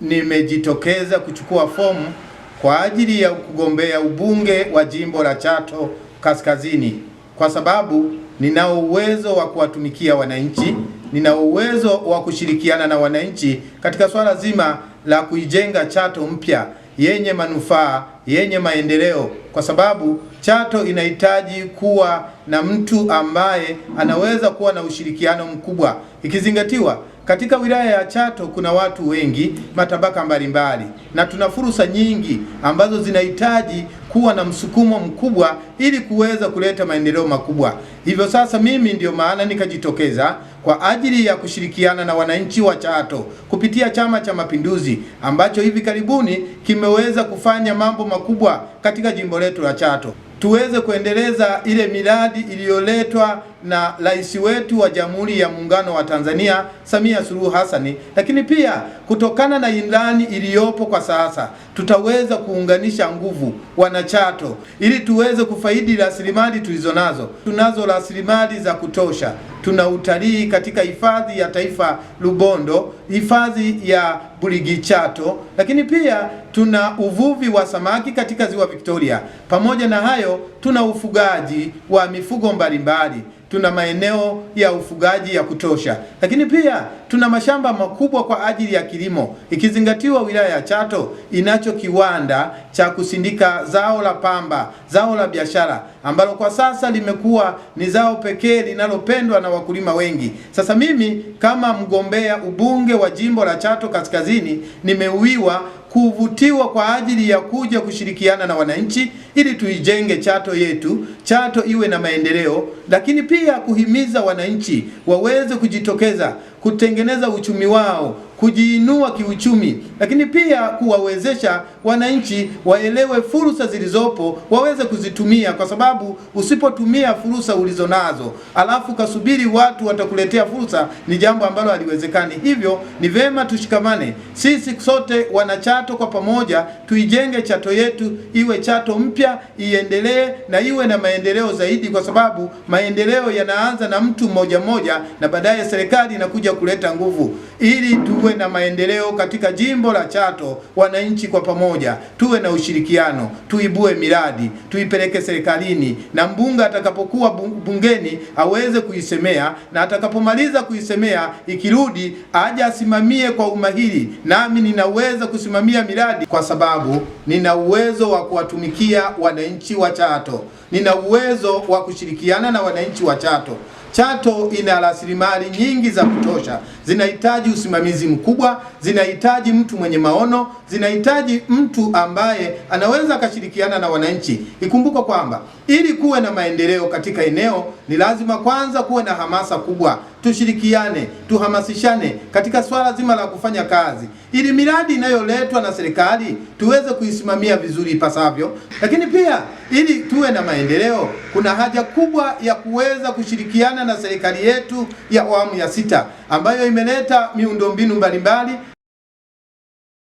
Nimejitokeza kuchukua fomu kwa ajili ya kugombea ubunge wa jimbo la Chato Kaskazini kwa sababu ninao uwezo wa kuwatumikia wananchi, ninao uwezo wa kushirikiana na wananchi katika swala zima la kuijenga Chato mpya yenye manufaa, yenye maendeleo, kwa sababu Chato inahitaji kuwa na mtu ambaye anaweza kuwa na ushirikiano mkubwa ikizingatiwa katika wilaya ya Chato kuna watu wengi matabaka mbalimbali, na tuna fursa nyingi ambazo zinahitaji kuwa na msukumo mkubwa ili kuweza kuleta maendeleo makubwa. Hivyo sasa, mimi ndiyo maana nikajitokeza kwa ajili ya kushirikiana na wananchi wa Chato kupitia Chama cha Mapinduzi ambacho hivi karibuni kimeweza kufanya mambo makubwa katika jimbo letu la Chato tuweze kuendeleza ile miradi iliyoletwa na rais wetu wa Jamhuri ya Muungano wa Tanzania Samia Suluhu Hassan, lakini pia kutokana na ilani iliyopo kwa sasa tutaweza kuunganisha nguvu wanachato ili tuweze kufaidi rasilimali tulizonazo. Tunazo rasilimali za kutosha, tuna utalii katika hifadhi ya taifa Lubondo, hifadhi ya Burigi Chato, lakini pia tuna uvuvi wa samaki katika ziwa Victoria. Pamoja na hayo, tuna ufugaji wa mifugo mbalimbali, tuna maeneo ya ufugaji ya kutosha, lakini pia tuna mashamba makubwa kwa ajili ya kilimo, ikizingatiwa wilaya ya Chato inacho kiwanda cha kusindika zao la pamba, zao la biashara ambalo kwa sasa limekuwa ni zao pekee linalopendwa na wakulima wengi. Sasa mimi kama mgombea ubunge wa jimbo la Chato Kaskazini nimeuiwa kuvutiwa kwa ajili ya kuja kushirikiana na wananchi ili tuijenge Chato yetu, Chato iwe na maendeleo, lakini pia kuhimiza wananchi waweze kujitokeza kutengeneza uchumi wao, kujiinua kiuchumi, lakini pia kuwawezesha wananchi waelewe fursa zilizopo waweze kuzitumia, kwa sababu usipotumia fursa ulizonazo alafu kasubiri watu watakuletea fursa, ni jambo ambalo haliwezekani. Hivyo ni vema tushikamane sisi sote Wanachato, kwa pamoja tuijenge Chato yetu iwe Chato mpya mpya iendelee na iwe na maendeleo zaidi, kwa sababu maendeleo yanaanza na mtu mmoja mmoja, na baadaye serikali inakuja kuleta nguvu, ili tuwe na maendeleo katika jimbo la Chato. Wananchi kwa pamoja tuwe na ushirikiano, tuibue miradi, tuipeleke serikalini, na mbunge atakapokuwa bungeni aweze kuisemea, na atakapomaliza kuisemea, ikirudi aje asimamie kwa umahiri. Nami ninaweza kusimamia miradi kwa sababu nina uwezo wa kuwatumikia wananchi wa Chato. Nina uwezo wa kushirikiana na wananchi wa Chato. Chato ina rasilimali nyingi za kutosha, zinahitaji usimamizi mkubwa, zinahitaji mtu mwenye maono, zinahitaji mtu ambaye anaweza akashirikiana na wananchi. Ikumbuka kwamba ili kuwe na maendeleo katika eneo ni lazima kwanza kuwe na hamasa kubwa, tushirikiane, tuhamasishane katika swala zima la kufanya kazi, ili miradi inayoletwa na serikali tuweze kuisimamia vizuri ipasavyo. Lakini pia ili tuwe na maendeleo, kuna haja kubwa ya kuweza kushirikiana na serikali yetu ya awamu ya sita ambayo imeleta miundombinu mbalimbali